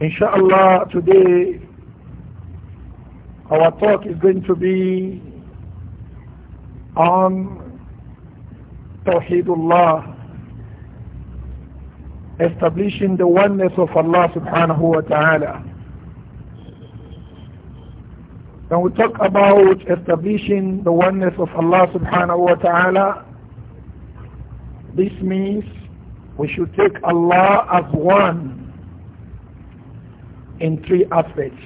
Inshallah, today our talk is going to be on Tawheedullah, establishing the oneness of Allah subhanahu wa ta'ala. When we talk about establishing the oneness of Allah subhanahu wa ta'ala, this means we should take Allah as one in three aspects.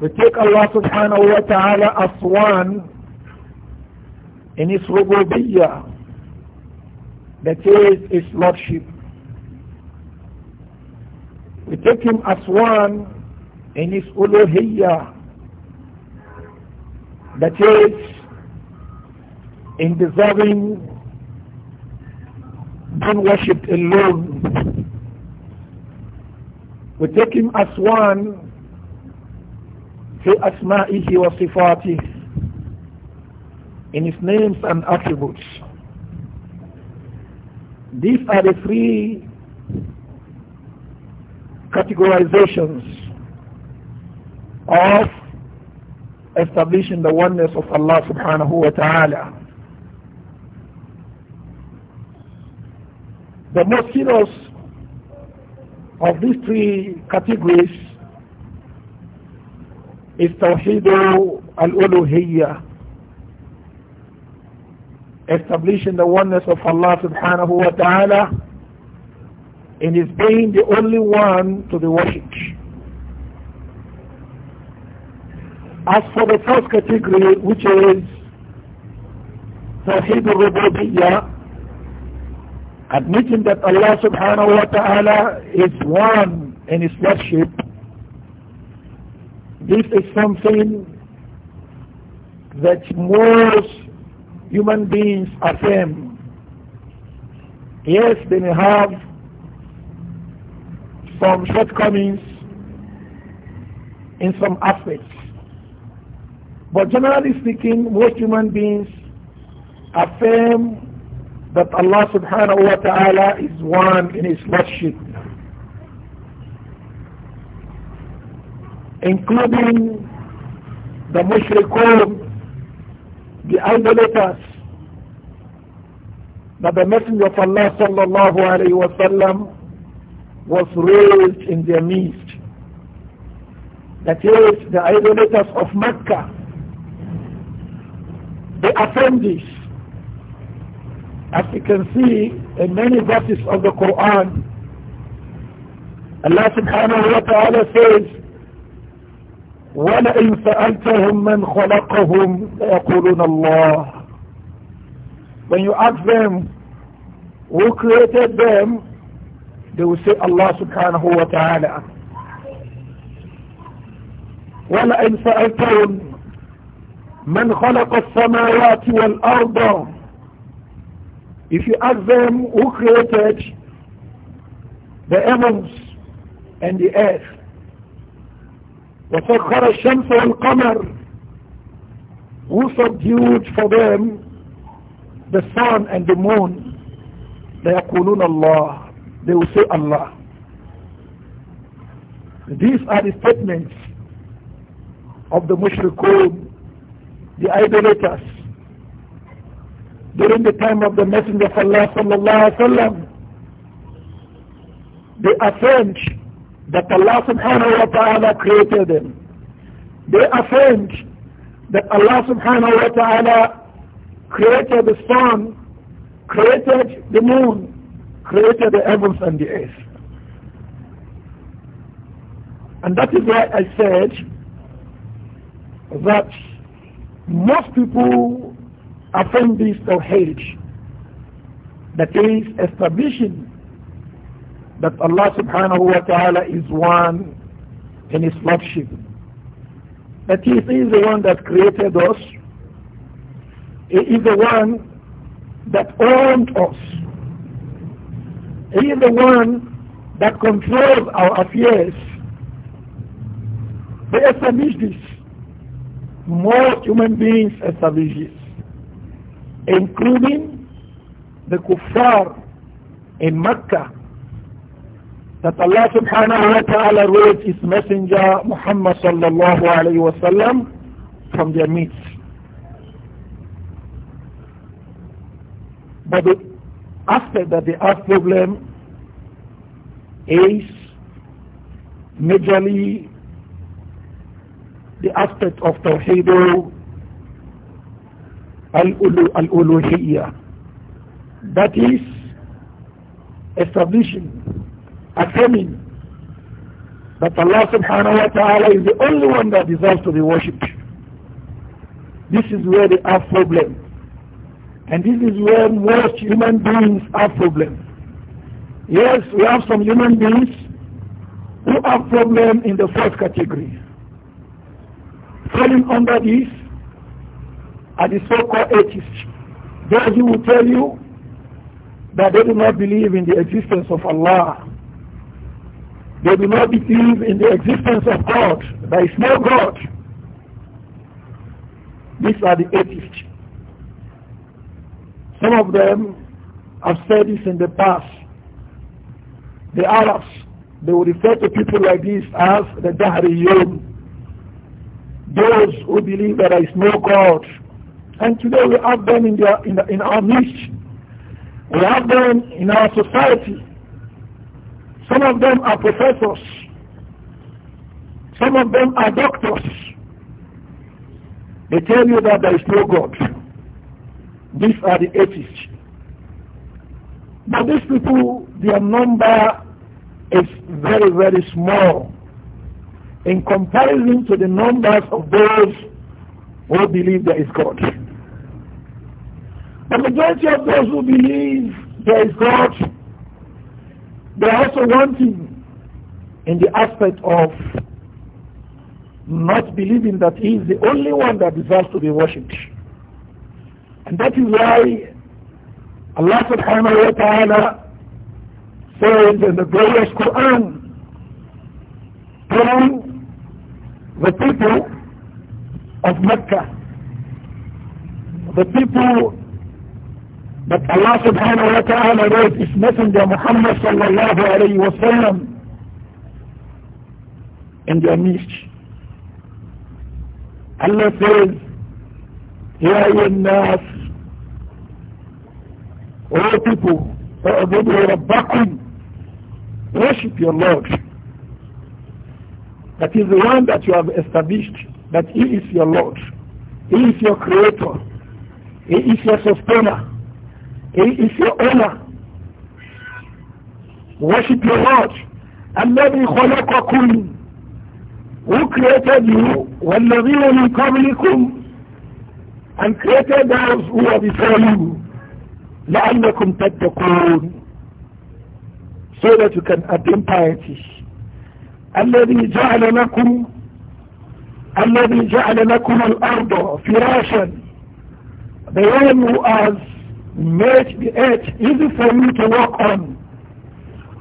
We take Allah subhanahu wa ta'ala as one in His rububiyyah, that is His Lordship. We take Him as one in His uluhiyyah, that is in deserving being worshipped alone we take him as one في wa وصفاته in his names and attributes. These are the three categorizations of establishing the oneness of Allah subhanahu wa ta'ala. The most serious of these three categories is Tawheed al-Uluhiyya establishing the oneness of Allah subhanahu wa ta'ala and is being the only one to be worshipped. As for the first category which is Tawheed al-Rububiyyah admitting that Allah subhanahu wa ta'ala is one in his worship, this is something that most human beings affirm. Yes, they may have some shortcomings in some aspects. But generally speaking, most human beings affirm that Allah subhanahu wa ta'ala is one in his lordship. Including the mushrikun, the idolaters, that the Messenger of Allah sallallahu alayhi wa sallam was raised in their midst. That is, the idolaters of Mecca. the affirm as you can see in many verses of the Quran, Allah subhanahu wa ta'ala says, ولئن سألتهم من خلقهم ليقولون الله When you ask them who created them, they will say Allah subhanahu wa ta'ala. ولئن سألتهم من خلق السماوات والأرض if you ask them who created the heavens and the earth, وَسَخَّرَ الشَّمْسَ وَالْقَمَرَ Who subdued for them the sun and the moon? لَيَقُولُونَ اللَّهِ They will say Allah. These are the statements of the mushrikun, the idolaters, during the time of the Messenger of Allah sallallahu alaihi wasallam. They affirmed that Allah subhanahu wa ta'ala created them. They affirmed that Allah subhanahu wa ta'ala created the sun, created the moon, created the heavens and the earth. And that is why I said that most people this of Tawheed. That is establishing that Allah subhanahu wa ta'ala is one in His Lordship. That He is the one that created us. He is the one that owned us. He is the one that controls our affairs. They establish this. Most human beings establish this including the kuffar in Mecca that Allah subhanahu wa ta'ala raised his messenger Muhammad sallallahu alayhi wa sallam from their midst. But the aspect that they have problem is majorly the aspect of Tawheed al-uluhiyya. That is establishing, affirming that Allah subhanahu wa ta'ala is the only one that deserves to be worshipped. This is where they have problem. And this is where most human beings have problem. Yes, we have some human beings who have problem in the first category. Falling under this are the so-called atheists. Then he will tell you that they do not believe in the existence of Allah. They do not believe in the existence of God. There is no God. These are the atheists. Some of them have said this in the past. The Arabs, they will refer to people like this as the Dahriyun. Those who believe that there is no God and today we have them in, their, in, the, in our midst. We have them in our society. Some of them are professors. Some of them are doctors. They tell you that there is no God. These are the atheists. But these people, their number is very, very small in comparison to the numbers of those who believe there is God. The majority of those who believe there is God, they are also wanting in the aspect of not believing that He is the only one that deserves to be worshipped. And that is why Allah subhanahu wa ta'ala says in the glorious Quran, telling the people of Mecca, the people but Allah subhanahu wa ta'ala wrote his messenger Muhammad sallallahu alayhi wa sallam in their midst. Allah says, Ya nas, O people, فَأَبُدُوا رَبَّكُمْ Worship your Lord. That is the one that you have established, that He is your Lord. He is your Creator. He is your Sustainer. is your owner worship your Lord الذي خلقكم who created you والذين من قبلكم and created those who are before you لعلكم تتقون so that you can attain piety الذي جعل لكم الذي جعل لكم الأرض firashan the one who has made the earth easy for you to walk on.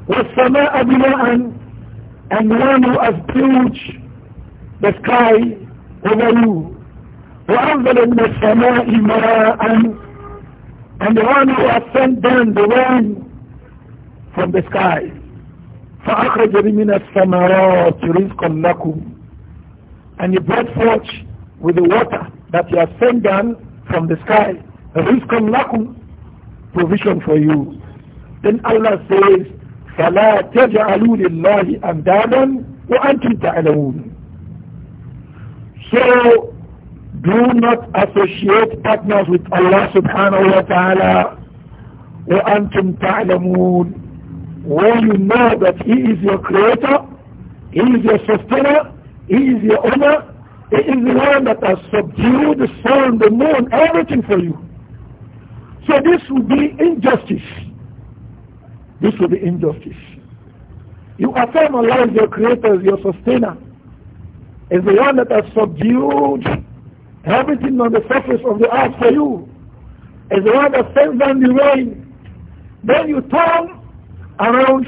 والسماء بناء and one who has built the sky over you. وأنزل من السماء ماء and the one who has sent down the rain from the sky. فأخرج من الثمرات رزقا لكم and he brought forth with the water that he has sent down from the sky. رزقا لكم provision for you. Then Allah says, فَلَا تَجْعَلُوا لِلَّهِ أَمْدَادًا وَأَنْتُمْ تَعْلَمُونَ So, do not associate partners with Allah subhanahu wa ta'ala وَأَنْتُمْ تَعْلَمُونَ When you know that He is your creator, He is your sustainer, He is your owner, He is the one that has subdued the sun, the moon, everything for you. So this will be injustice. This will be injustice. You affirm Allah as your creator, as your sustainer, as the one that has subdued everything on the surface of the earth for you, as the one that sends down the rain. Then you turn around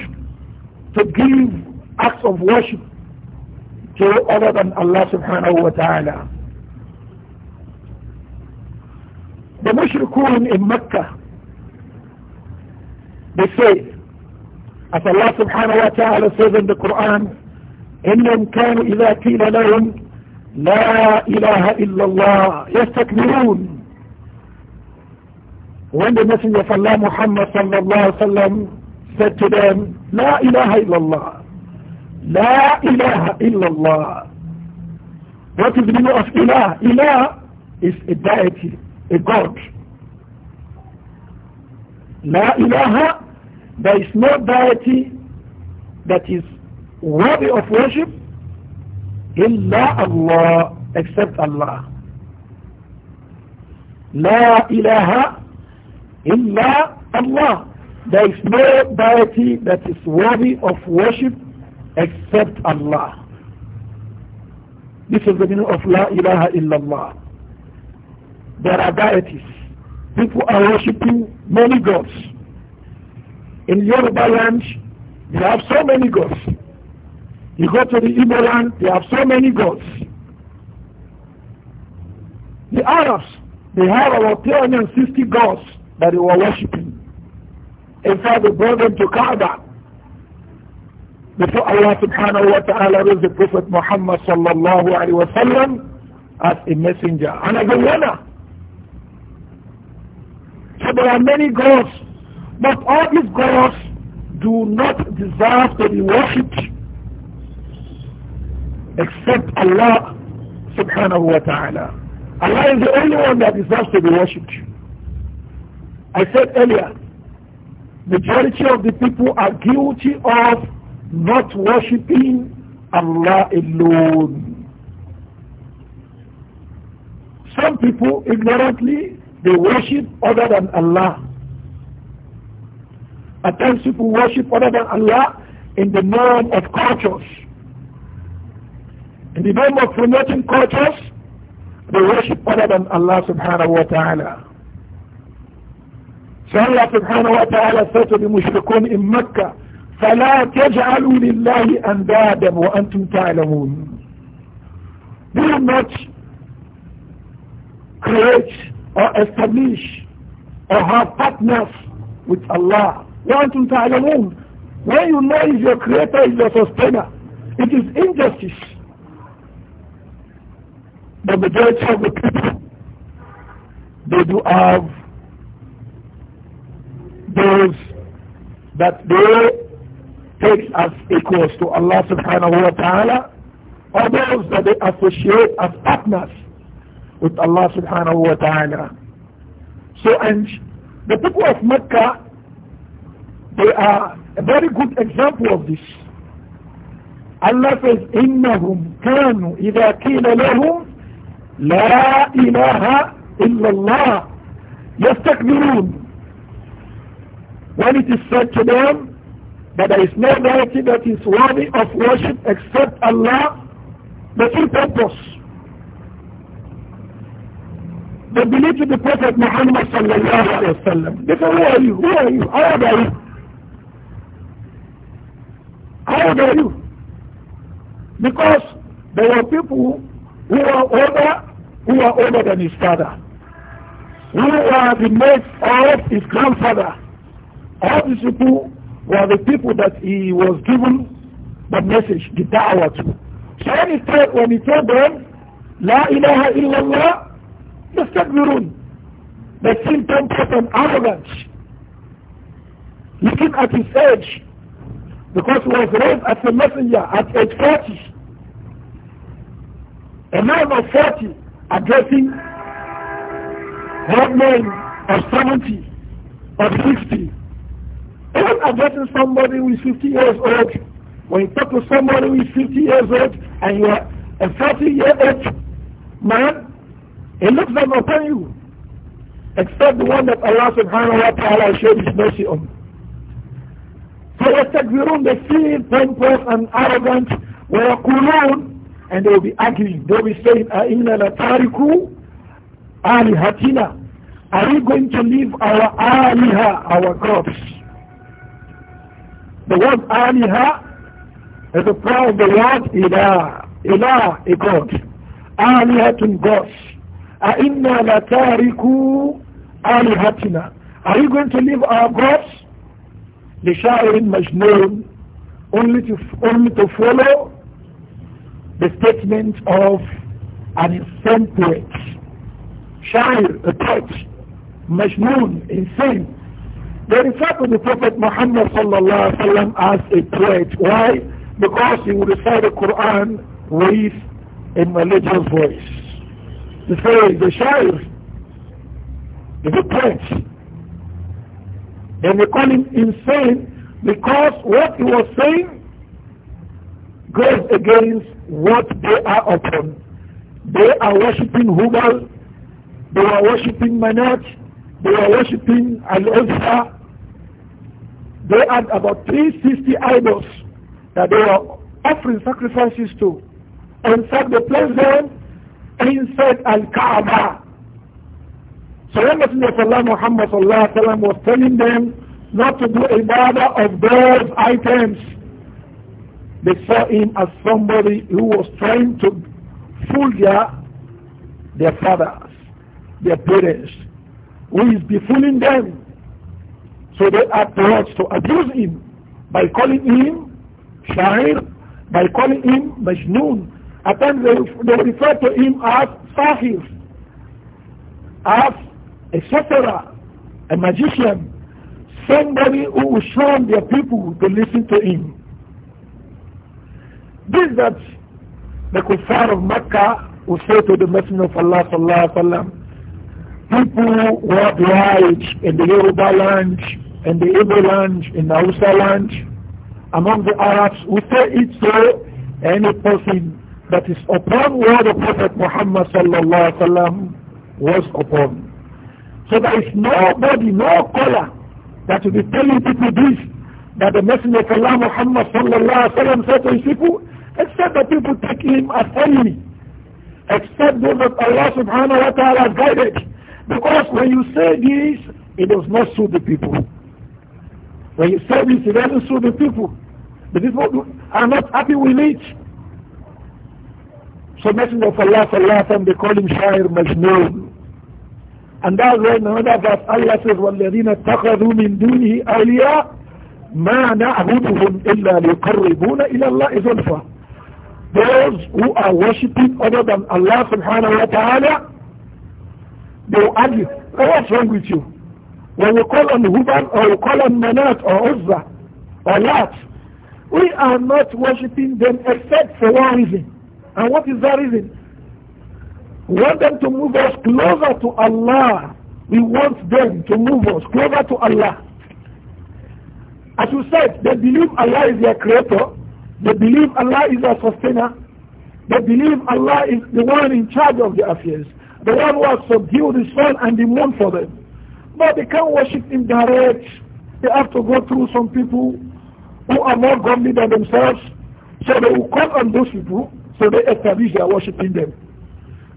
to give acts of worship to other than Allah subhanahu wa ta'ala. mushrikun in Mecca, they say, as Allah subhanahu wa ta'ala says in the Quran, إنهم كانوا إذا قيل لهم لا إله إلا الله يستكبرون When the Messenger of Allah Muhammad sallallahu alaihi wasallam said to them, لا إله إلا الله لا إله إلا الله What is the meaning of ilah? Ilah is a deity. a god. La ilaha, there is no deity that is worthy of worship illa Allah, except Allah. La ilaha illa Allah. There is no deity that is worthy of worship except Allah. This is the meaning of La ilaha illallah. There are deities. People are worshipping many gods. In Yoruba land, they have so many gods. You go to the Igbo land, they have so many gods. The Arabs, they have about 360 gods that they were worshipping. In fact, they brought them to Kaaba before Allah subhanahu wa ta'ala raised the Prophet Muhammad sallallahu alayhi wa sallam as a messenger and as a winner. So there are many gods. But all these gods do not deserve to be worshipped except Allah subhanahu wa ta'ala. Allah is the only one that deserves to be worshipped. I said earlier, majority of the people are guilty of not worshipping Allah alone. Some people ignorantly they worship other than Allah. At times people worship other than Allah in the name of cultures. In the name of promoting cultures, they worship other than Allah subhanahu wa ta'ala. So Allah subhanahu wa ta'ala said to the mushrikun in Mecca, فَلَا تَجْعَلُوا لِلَّهِ أَنْدَادًا وَأَنْتُمْ تَعْلَمُونَ Do not create or establish or have partners with Allah. One وأنتم تعلمون When you know is your creator, is your sustainer, it is injustice. The majority of the people, they do have those that they take as equals to Allah subhanahu wa ta'ala, or those that they associate as partners with Allah subhanahu wa ta'ala. So and the people of Mecca, they are a very good example of this. Allah says, إِنَّهُمْ كَانُوا إِذَا قِيلَ لَهُمْ لَا إِلَهَ إِلَّا اللَّهِ يَسْتَكْبِرُونَ When it is said to them that there is no deity that is worthy of worship except Allah, they feel purpose. They believe in the Prophet Muhammad sallallahu alayhi wa sallam. They say, who are you? Who are you? How old are you? How old are you? Because there were people who were older, who were older than his father. Who were the mates of his grandfather. All these people were the people that he was given the message, the da'wah to. So when he told, when he told them, La ilaha illallah, يستكبرون They seem pompous and arrogant, looking at his age, because he was raised as a messenger at age 40. A man of 40 addressing one man of 70 or 60. Even addressing somebody who is 50 years old, when you talk to somebody who is 50 years old and you are a 40 year old man, it looks like upon you, except the one that Allah subhanahu wa ta'ala showed his mercy on. So يستكبرون they feel pompous and arrogant ويقولون and they will be arguing they will be saying أئنا لتاركو آلهتنا are we going to leave our aliha our gods the word aliha is a part of the word ilah ilah a god alihatun gods are you going to leave our gods? لشاعر مجنون only to, only to follow the statement of an insane poet. Shair, a poet, Majnun, insane. They refer to the Prophet Muhammad sallallahu alaihi wasallam as a poet. Why? Because he would recite the Quran with a religious voice the phrase, the sheriff, the a prince. And they call him insane because what he was saying goes against what they are upon. They are worshipping Hubal, they are worshipping Manat, they are worshipping Al-Uzza. They had about 360 idols that they were offering sacrifices to. And so they placed them inside Al-Kaaba. So when Messenger Muhammad sallam, was telling them not to do ibadah of those items, they saw him as somebody who was trying to fool their, their fathers, their parents, who is befooling them. So they approached to abuse him by calling him Shair, by calling him Majnun, at times they, they refer to him as Sahir, as a sorcerer, a magician, somebody who will charm their people to listen to him. This that the kuffar of Mecca will say to the Messenger of Allah sallallahu alaihi wasallam, people worldwide in the Yoruba land, in the Igbo land, in the Hausa land, among the Arabs, we say it so any person that is upon what the Prophet Muhammad sallallahu alaihi wasallam was upon. So there is nobody, no caller that will be telling people this, that the Messenger of Allah Muhammad sallallahu alaihi wasallam said to his people, except that people take him as enemy, except those that Allah subhanahu wa ta'ala guided. Because when you say this, it does not suit the people. When you say this, it doesn't suit the people. The people are not happy with it. So Messenger of Allah sallallahu they call مجنون. And that's why in another verse Allah says, وَالَّذِينَ اتَّخَذُوا مِن دُونِهِ أَوْلِيَاءَ مَا نَعْبُدُهُمْ إِلَّا لِيُقَرِّبُونَ إِلَى اللَّهِ زُلْفَى Those who are worshipping other than Allah سبحانه وتعالى they will argue, oh, what's wrong with you? When you call on Huban or you call on Manat or Uzza or Lat, we are not worshipping them except for one reason. And what is that reason? We want them to move us closer to Allah. We want them to move us closer to Allah. As you said, they believe Allah is their creator. They believe Allah is their sustainer. They believe Allah is the one in charge of their affairs. The one who has subdued the sun and the moon for them. But they can't worship in direct. They have to go through some people who are more godly than themselves. So they will call on those people so they establish they are worshipping them.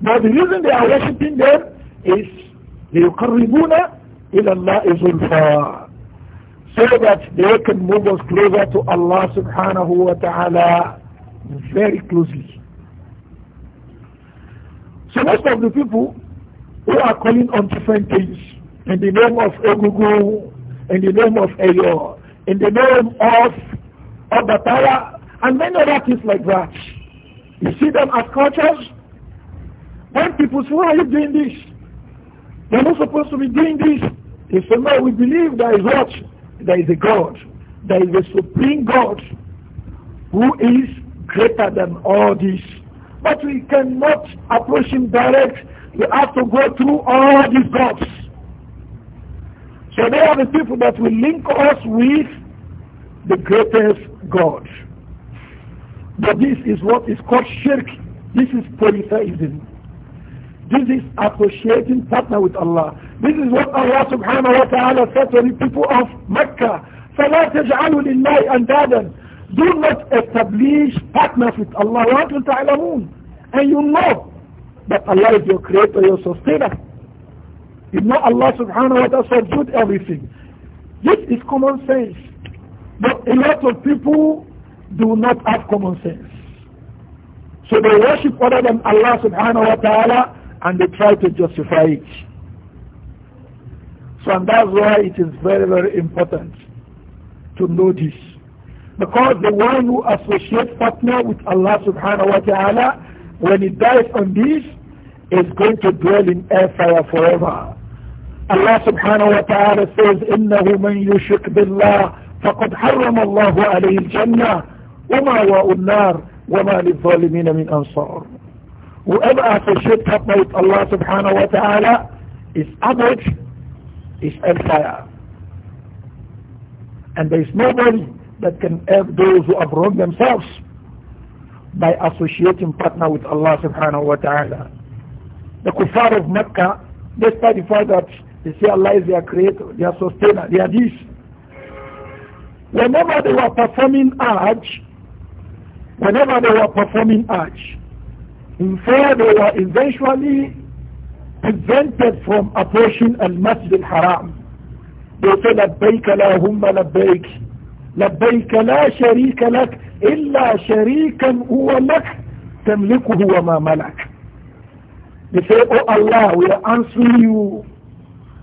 Now the reason they are worshipping them is Allah إلى الله زلفى so that they can move us closer to Allah subhanahu wa ta'ala very closely. So most of the people who are calling on different things in the name of Ogugu, in the name of Ayor, in the name of Obatawa, and many other things like that. You see them as cultures? When people say, why are you doing this? You're not supposed to be doing this. They say, no, we believe there is what? There is a God. There is a supreme God who is greater than all this. But we cannot approach him direct. We have to go through all these gods. So they are the people that will link us with the greatest God. But this is what is called shirk. This is polytheism. This is associating partner with Allah. This is what Allah subhanahu wa ta'ala said to the people of Mecca. فَلَا تَجْعَلُوا لِلَّهِ أَنْدَادًا Do not establish partners with Allah. وَأَنْتُمْ تَعْلَمُونَ And you know that Allah is your creator, your sustainer. You know Allah subhanahu wa ta'ala subdued everything. This is common sense. But a lot of people do not have common sense. So they worship other than Allah subhanahu wa ta'ala and they try to justify it. So and that's why it is very, very important to know this. Because the one who associates partner with Allah subhanahu wa ta'ala, when he dies on this, is going to dwell in hellfire forever. Allah subhanahu wa ta'ala says, إِنَّهُ مَنْ يُشْرِكْ بِاللَّهِ فَقَدْ حَرَّمَ اللَّهُ عَلَيْهِ الْجَنَّةِ وما النار وما للظالمين من أنصار whoever associates partner with Allah subhanahu wa ta'ala is abad is empire and there is nobody that can help those who have wronged themselves by associating partner with Allah subhanahu wa ta'ala the kuffar of Mecca despite the fact that they say Allah is their creator their sustainer their this whenever they were performing Hajj whenever they were performing Hajj. In fact, they were eventually prevented from approaching Al-Masjid Al-Haram. They said, لبيك لا هم لبيك لبيك لا شريك لك إلا شريكا هو لك تملكه وما ملك. They say, Oh Allah, we are answering you.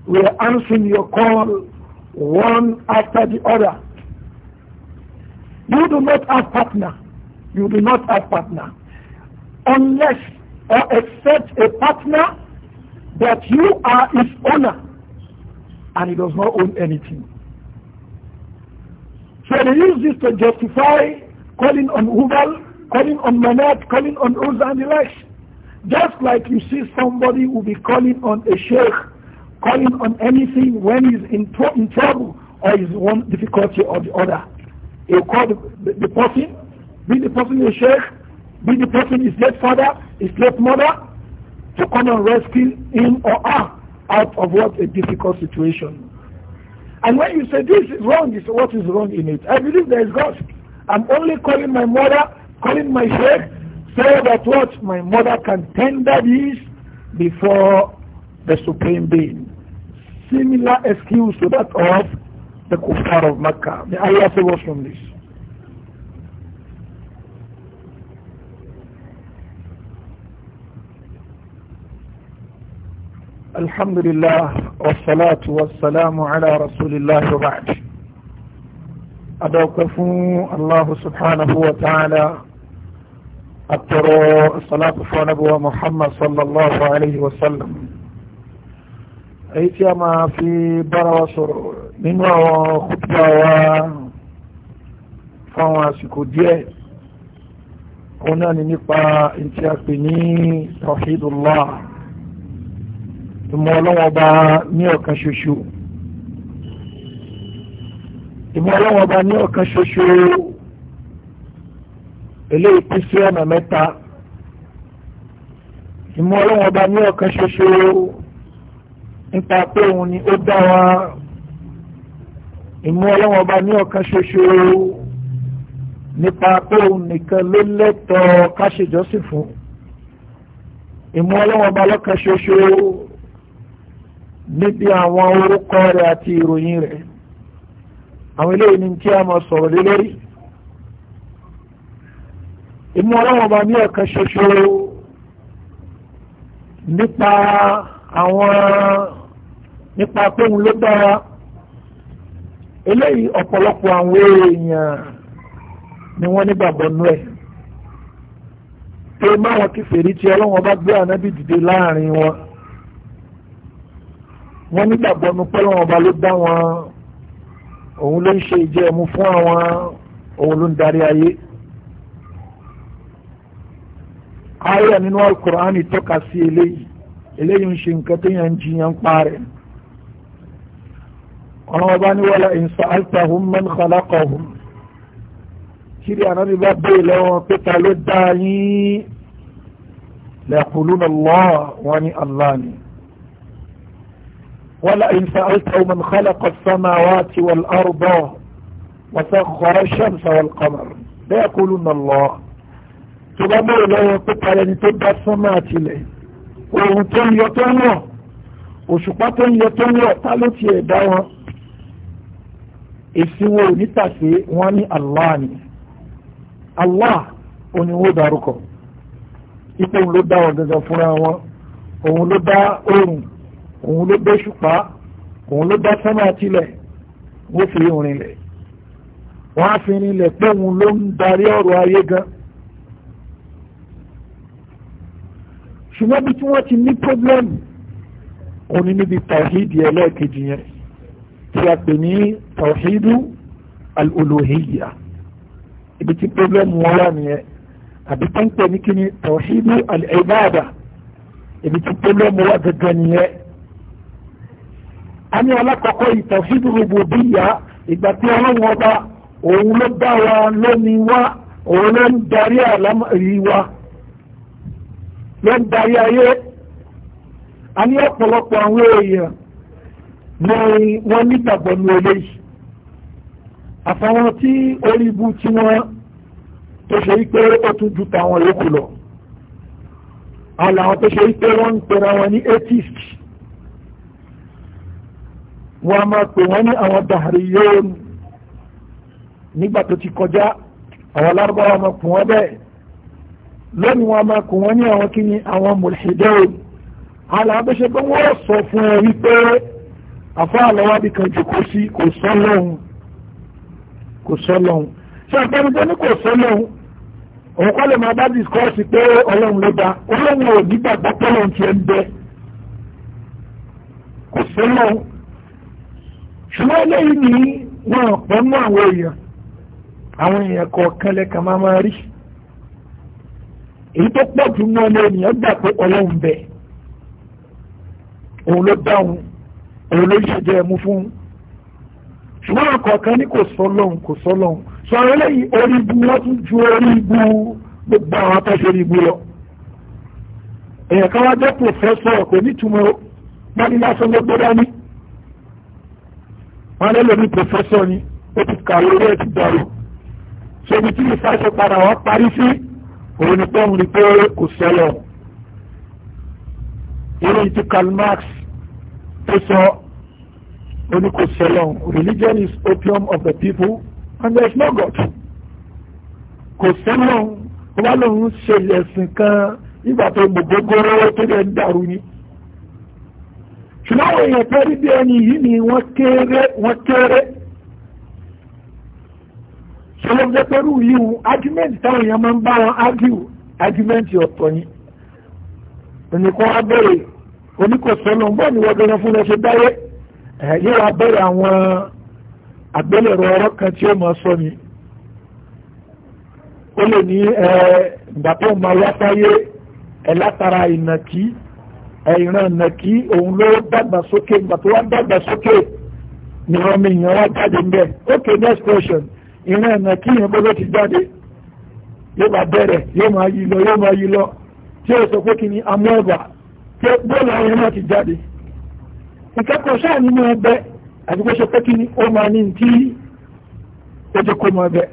We are answering your call one after the other. You do not have partner you do not have partner. Unless or except a partner that you are his owner and he does not own anything. So they use this to justify calling on Ubal, calling on Manat, calling on Uzza and the likes. Just like you see somebody will be calling on a sheikh, calling on anything when he's in, in trouble or is one difficulty or the other. You call the, the, the person be the person your sheikh, be the person his late father, his late mother, to come and rescue him or her out of what a difficult situation. And when you say this is wrong, you say what is wrong in it? I believe there is God. I'm only calling my mother, calling my sheikh, so that what my mother can tender this before the Supreme Being. Similar excuse to that of the Kuffar of Makkah. May Allah save us from this. الحمد لله والصلاة والسلام على رسول الله وبعد أدوكف الله سبحانه وتعالى أترى الصلاة فنبوة محمد صلى الله عليه وسلم أيتي ما في برا وصر من خطبة وفواسك ديه هنا نقبع انتياك بني توحيد الله ìmọ̀ ọlọ́wọ́n bá ní ọ̀kan ṣoṣo ìmọ̀ ọlọ́wọ́n bá ní ọ̀kan ṣoṣo eléyìí pín sí ọ̀nà mẹ́ta ìmọ̀ ọlọ́wọ́n bá ní ọ̀kan ṣoṣo nípa pé òun ni ó dá wa ìmọ̀ ọlọ́wọ́n bá ní ọ̀kan ṣoṣo nípa pé òun nìkan ló lẹ́tọ̀ọ́ ká ṣèjọ́sìn fún ìmọ̀ ọlọ́wọ́n bá lọ́kan ṣoṣo. níbi àwọn orúkọ rẹ̀ àti ìròyìn rẹ̀ àwọn eléyìí ni tí a máa sọ̀rọ̀ lé lórí ìmú ọlọ́wọ́n bá ní ọ̀kan ṣoṣo nípa àwọn nípa péhun ló dára eléyìí ọ̀pọ̀lọpọ̀ àwọn èèyàn ni wọ́n nígbàgbọ́ nú ẹ̀ pé máwọn kìfèrí tí ọlọ́wọ́n bá gbé ànábì dìde láàrin wọn. wọ́n nígbàgbọ́ nu pé ọlọ́run ọba ló dá wọn òun ló ń ṣe ìjẹ́ ẹ̀mú fún àwọn òun ló ń darí ayé. ayé nínú alukur'ani tọ́ka sí eléyìí eléyìí ń ṣe nǹkan tó yàn ń jiyàn pa rẹ̀. ọlọ́run ọba ní wàlá ìsọ àìsàhùn man khalaqahum. kiri anabi bá bẹ́ẹ̀ lọ́wọ́ pé ta ló dá yín lẹ́kùnlún Allah wọn ni Allah ni. ولئن سألت من خلق السماوات والأرض وسخر الشمس والقمر لا الله تبامو لا يقول أن تبع السماء تلي ويوتون يتون وشقاتون يتون تالوت يدعوا ìsinwó onítàsé wọ́n الله Allah ni Allah oníwó dárúkọ ipò òun ló dá ló dá oòrùn òun ló gbéṣùpá òun ló dá sánmà tilẹ̀ wọ́n fi rinlẹ̀ wọ́n á fi rinlẹ̀ pé òun ló ń darí ọ̀rọ̀ ayé gan ṣùgbọ́n bí tí wọ́n ti ní pọ́blẹ́mù òun ni níbi tàwíìdì ẹlẹ́ẹ̀kejì yẹn tí a pè ní tàwíìdù al ibi tí pọ́blẹ́mù wọn wà nìyẹn àbí tó ń pè ní kíni tàwíìdù al-ibada ibi tí pọ́blẹ́mù wà gẹ́gẹ́ nìyẹn a ní alákọ̀ọ́kọ́ ìtọ̀fíìdì rububiyya ìgbà tí ọlọ́run ọba òun ló dá wa lónìí wá òun ló ń darí àlámọ̀rí wa ló ń darí ayé a ní ọ̀pọ̀lọpọ̀ àwọn èèyàn ni wọ́n nígbàgbọ́ ní eléyìí àfàwọn tí orí ibu tí wọ́n tó ṣe wípé ó tún ju tàwọn yòókù lọ àlàwọn tó ṣe wípé wọ́n ń pera wọn ní atheist wọ́n a máa pè wọ́n ní àwọn dàrí yóò nígbà tó ti kọjá àwọn lárúbáwá máa pè wọ́n bẹ́ẹ̀ lónìí wọ́n a pè wọ́n ní àwọn kí ni àwọn mùlẹ̀dẹ́ o alábẹ́sẹ̀ pé wọ́n sọ fún ẹ wípé àfọ́ àlọ́wádìí kan jòkó sí kò sọ́ lọ́hùn kò sọ́ lọ́hùn ṣé àpẹẹrẹ tó ní kò sọ́ lọ́hùn òun kọ́ lè máa bá discourse pé ọlọ́run ló dá ọlọ́run ò nígbàgbọ́ pọ́lọ́n ṣùgbọ́n eléyìí ni wọn pẹ́ mọ́ àwọn èèyàn àwọn èèyàn kọ̀ọ̀kan lẹ́ka máa máa rí èyí tó pọ̀ jù mọ́ ọmọ ènìyàn gbà pé ọlọ́run bẹ̀ òun ló dáhùn òun ló ṣèjẹ́ ẹ̀mú fún ṣùgbọ́n àwọn kọ̀ọ̀kan ní kò sọ́lọ́hun kò sọ́lọ́hun sọ àwọn eléyìí orí ibu wọ́n tún ju orí ibu gbogbo àwọn atọ́ṣe orí ibu lọ èèyàn kan wá jẹ́ pòfẹ́sọ̀ kò nítumọ̀ pálí lásán ló gbọ́dá ní wọ́n lé lómi pòfẹ́sọ̀ ni ó ti kàwé orí ẹ̀ ti dọ̀rọ̀ ṣébi tí ìfàṣẹ padà wọ́n parí sí òun ni pọ́n rí pé kò sẹ́lọ̀ irú ti Karl Marx tó sọ ó ní kò sẹ́lọ̀ religion is opium of the people and there is no God kò sẹ́lọ̀ wọ́n lòun ṣe ẹ̀sìn kan nígbà tó gbogbo gbogbo tó lè dàrú ni. ṣùgbọ́n àwọn èèyàn dị bí ẹni yìí ni wọ́n kéré wọ́n kéré ṣọlọ́gbẹ́ pẹ̀lú yíwu ágímẹ́ntì táwọn èèyàn máa ń bá wọn ágíwù ágímẹ́ntì ọ̀tọ̀ ni oníkan abẹ́rẹ́ oníkọ̀sọ́nà bọ́ ni wọ́n gbẹ́rẹ́ fún dáyé abẹ́rẹ́ àwọn ọ̀rọ̀ kan tí ó máa sọ ni ó lè ní ẹ̀ máa wá sáyé ìnàkí ẹ̀yìnrán nàkí òun ló dàgbà sókè nígbà tó wá dàgbà sókè ni wọ́n mi yàn wá jáde ń bẹ̀ ok next question ìran nàkí yẹn bó ló ti jáde yóò bá bẹ̀rẹ̀ yóò máa yí lọ yóò máa yí lọ tí ó sọ pé kí ni amú ẹ̀bà tí bóòlù àwọn yẹn náà ti jáde ìkẹ́kọ̀ọ́ sáà nínú ẹgbẹ́ àti pé sọ pé kí ni ó máa ní tí ó ti kó máa bẹ̀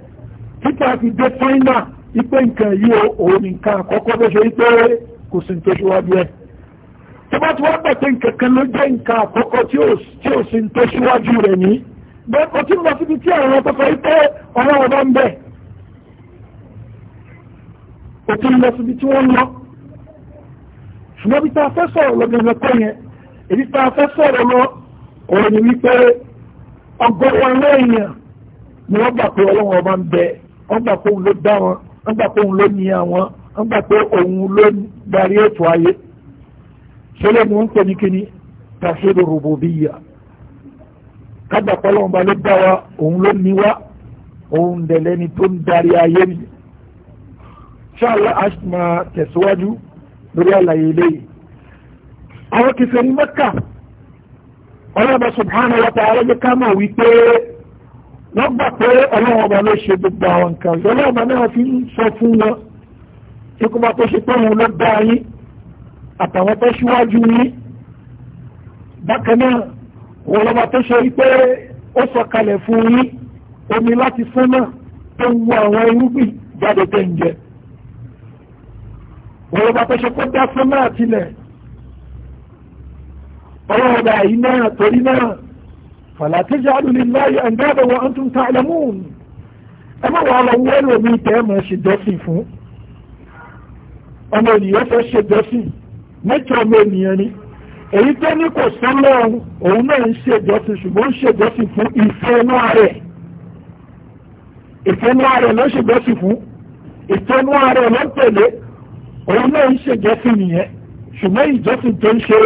títà fi dé fáínà ipe nǹkan yìí òun nǹkan àkọ́kọ́ bó ṣe wípé kò sí ní tó ṣíwájú ẹ̀ tó bá ti wá pẹ̀tẹ́ nkankan ló jẹ́ nǹkan àkọ́kọ́ tí ó sì ń tó síwájú rẹ̀ ní bẹ́ẹ̀ kò tí ń lọ síbi tí àwọn akọ́kọ́ yìí pé ọ̀rọ̀ ọ̀dọ́ ń bẹ̀ kò tí lọ síbi tí wọ́n lọ ṣùgbọ́n bí tá a fẹ́ sọ̀rọ̀ lọ gbẹ̀ngàn pé yẹn èyí tá a fẹ́ sọ̀rọ̀ lọ òun ni wípé ọgọ́rùn aláìyàn ni wọ́n gbà pé ọlọ́run ọba ń bẹ wọ́n gbà pé òun ló dá wọn wọ́n gbà pé òun ló ní àwọn wọ́n gbà pé òun ló darí ètò ayé ṣẹlẹ̀ mú ń pè ní kíní tàṣídù rububiyya kágbà pọ́lọ́mọba ló dá wa òun ló ní wa òun dẹ̀lẹ́ni tó ń darí ayé ni ṣáàlá ashma tẹ̀síwájú lórí àlàyé eléyìí àwọn kìfẹ́ ní mẹ́kà ọlọ́ba subhanahu wa ta'ala jẹ́ ká mọ̀ wípé wọ́n gbà pé ọlọ́wọ́ba ló ṣe gbogbo àwọn nǹkan ọlọ́wọ́ba náà fi ń sọ fún wọn ikú bá tó ṣe pé òun ló dá yín àtàwọn tó ṣíwájú yìí bákan náà wọ́n lọ́ba tó ṣe pé ó sọ̀kalẹ̀ fún yín omi láti sánmà tó ń wo àwọn irúgbìn jáde tẹ́ ń jẹ wọ́n lọ́ba tó ṣe kó dá sánmà àtìlẹ̀ ọlọ́ọ̀dà yìí náà torí náà fala taj'alu lillahi andada wa antum ta'lamun ẹ má wàá lọ wọ́ọ̀lù omi tẹ́ ẹ máa ṣe jọ́sìn fún ọmọ ènìyàn fẹ́ ṣe jọ́sìn mẹ́tọ́ ọmọ ènìyàn ni èyí tó ní kò sọ́lọ́ òun náà ń ṣèjọ́sìn ṣùgbọ́n ń ṣèjọ́sìn fún ìfẹ́ inú ààrẹ ìfẹ́ inú ààrẹ ló ṣèjọ́sìn fún ìfẹ́ inú ààrẹ ló ń tẹ̀lé òun náà ń ṣèjọ́sìn nìyẹn ṣùgbọ́n ìjọ́sìn tó ń ṣe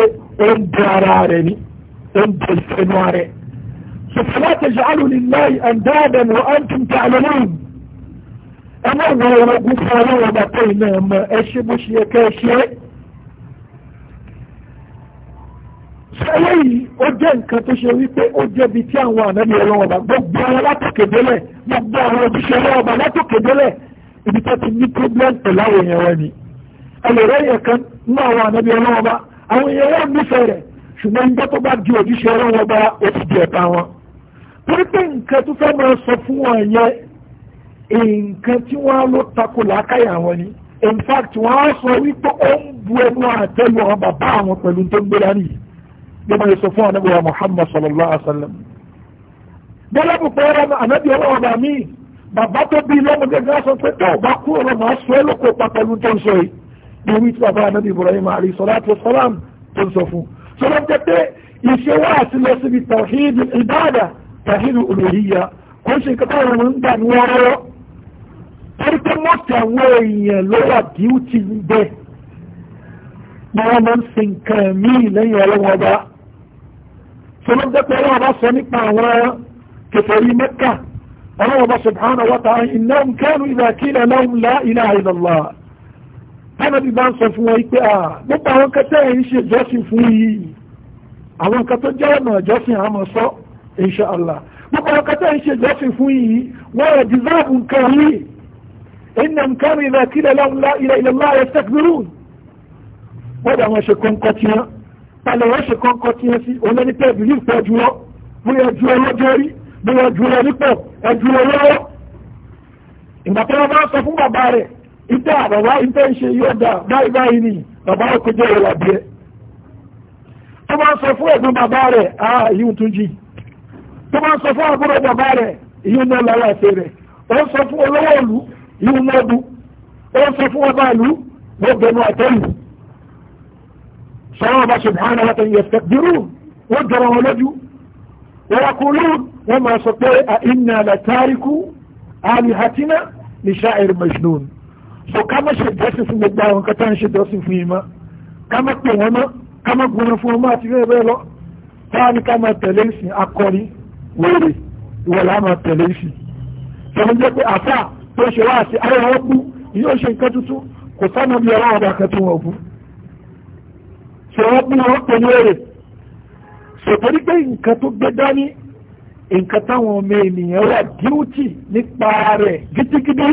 ó ń ni ó ń ààrẹ. لله اندادا وانتم تعلمون اما هو يقول فانا وما قلنا ما اشي مش يكاشي sẹ́yẹ́ yìí ó jẹ́ nǹkan tó ṣe wípé ó jẹ́bi tí àwọn ànábì ọlọ́wọ́ bá gbogbo àwọn látòkèdélẹ̀ gbogbo àwọn òbíṣẹ́ ọlọ́wọ́ bá látòkèdélẹ̀ ibi tó ti ní problem pẹ̀lú àwọn èèyàn wọn ni ẹlẹ́rẹ́ yẹn kan mú àwọn ànábì ọlọ́wọ́ bá àwọn èèyàn wọn nífẹ̀ẹ́ rẹ̀ ṣùgbọ́n nígbà tó bá di òjíṣẹ́ ọlọ́wọ́ bá ó ti di ẹ̀ta wọn. torí pé nǹkan tó fẹ́ máa sọ fún wọn yẹn nǹkan tí wọ́n ló takò làákàyà wọn ni in fact wọ́n á sọ wípé ó ń bu ẹnu àtẹ́lu àwọn bàbá àwọn pẹ̀lú tó ń gbéra nìyí gbogbo sọ fún ànábì wa muhammad sallallahu alaihi wa sallam bọ́lá bù pé ọ̀rọ̀ ànábì ọlọ́wọ́ bá mí bàbá tó bí lọ́mọdé gan sọ pé tó bá kú ọ̀rọ̀ máa sọ ẹ́ lóko pàtàkì tó ń sọ yìí ní orí tí bàbá ànábì ibrahim alayhi salatu wa salam tó ń sọ fún sọlá jẹ pé ìṣe wá àti lọ síbi tawhid ìbáàdà tawhid olùhíyà kò ń ṣe nǹkan táwọn ọmọ ń gbà ní wọn tọ́lọ́gbẹ́pẹ́ ọlọ́wọ́ bá sọ nípa àwọn kèfèrí mẹ́kà ọlọ́wọ́ bá subhanahu wa ta'ala innahum kanu idha qila lahum la ilaha illallah tánàbí bá ń sọ fún wọn pé à nípa àwọn kẹtẹ́ ẹ̀ ìjọsìn fún yìí wọ́n rẹ̀ dìsáàbù nǹkan yìí innahum kanu idha qila lahum la ilaha illallah wọ́n dà wọn ṣe kọ́ńkọ́ tiwọn tàlẹ̀ wọ́n ṣe kọ́kọ́ tí ẹ sí olóní pé ìbìlì ìfẹ́ ju lọ bí ẹ ju ọlọ́jọ́ rí bí ẹ ju ọ nípò ẹ ju ọlọ́wọ́. ìgbà tó wọn bá sọ fún bàbá rẹ̀ ìtẹ́ àbàbá ìtẹ́ ń ṣe yóò dà báyìí báyìí ni bàbá ọkọ̀ jẹ́ ìwọ̀n àbí ẹ. tó bá sọ fún ẹ̀gbọ́n bàbá rẹ̀ á ìyún tún jì tó bá sọ fún àbúrò bàbá rẹ̀ ìyún náà lọ́wọ́ àti rẹ̀ ó sọ fún olówó ìlú ìyún náà dùn ó sọ fún ọba ìlú gbogbo ẹnu àtẹ́lù صواب سبحانه يستكبرون وجروا ولدوا ويقولون وما سطيع إنا لتاركوا آلهتنا لشاعر مجنون so kama ṣe jẹ́sìn fún gbogbo àwọn nǹkan tá ń ṣe jọ́sìn fún yín mọ́ kama pè wọ́n mọ́ kama gbọ́nà fún ọmọ àti bẹ́ẹ̀ bẹ́ẹ̀ lọ táwa ní kama tẹ̀lé ìsìn akọni wèrè ìwọ̀lá máa tẹ̀lé ìsìn sọmọ jẹ́ pé àfà tó ṣe wá àti ayọ̀ wọn kú yóò ṣe nǹkan tuntun kò sánà bí ọlọ́wọ́ bá kẹtù wọn kú tí wọ́n bí wọ́n pè ní èrè sọ̀tọ́rí pé nǹkan tó gbé dání nǹkan táwọn ọmọ ènìyàn wà díútì nípa rẹ̀ gidigidi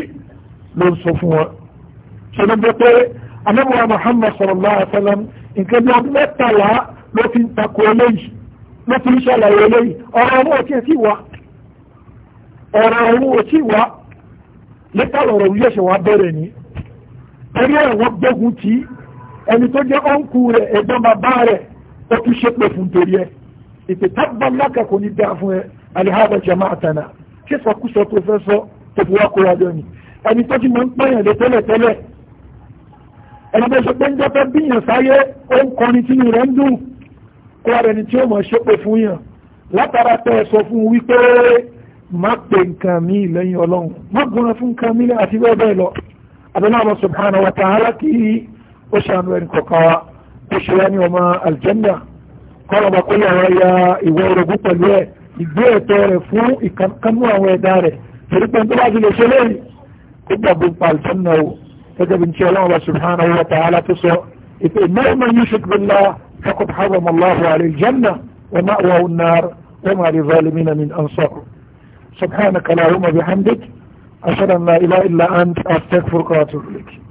ló ń sọ fún wọn ṣọlá bí pé anábọ̀wá Muhammad sallallahu alaihi wasallam nǹkan bí ọdún mẹ́tàlá ló fi ń takò eléyìí ló fi ń ṣàlàyé eléyìí ọ̀rọ̀ ọmọ òtí ẹ̀ sì wá ọ̀rọ̀ ọmọ òtí wá lẹ́tà lọ̀rọ̀ wíyẹ̀ṣẹ̀ wá bẹ̀rẹ̀ ní torí ẹ̀ wọ́n tí ẹni tó jẹ́ ọ̀nkù rẹ̀ ẹ̀gbọ́n bàbá rẹ̀ ó tún ṣe pé fún torí ẹ̀ ètò tábà lákà kò ní dá fún ẹ alihaba jama'atana ṣé sọkúsọ tó fẹ́ sọ tó fi wá kóra jọ ni ẹni tó ti máa ń pààyàn lé tẹ́lẹ̀tẹ́lẹ̀ ẹni tó ṣe pé ń jọ́pẹ́ bíyàn sáyé ó ń kọrin tí rẹ̀ ń dùn kó ara ẹni tí ó mọ̀ ṣe pé fún yàn látara tẹ́ ẹ sọ fún wípé má pe nǹkan mi lẹ́yìn ọlọ́run má gbọ́n fún nǹkan mi àti bẹ́ẹ̀ bẹ́ẹ̀ lọ àbẹ̀lẹ́ àwọn subhanahu wa ta'ala kìí وشان وين كوكا وشان وما الجنة قال ما قلنا بقول يا إيوه ربوت الوه إيوه تعرفو إكمكمو أوه داره فريق من دواجه لشليه كنا بنطع الجنة فجب إن شاء الله سبحانه وتعالى تصع إنه من يشك بالله فقد حرم الله عليه الجنة ومأواه النار وما للظالمين من أنصار سبحانك اللهم بحمدك أشهد أن لا إله إلا أنت أستغفرك وأتوب إليك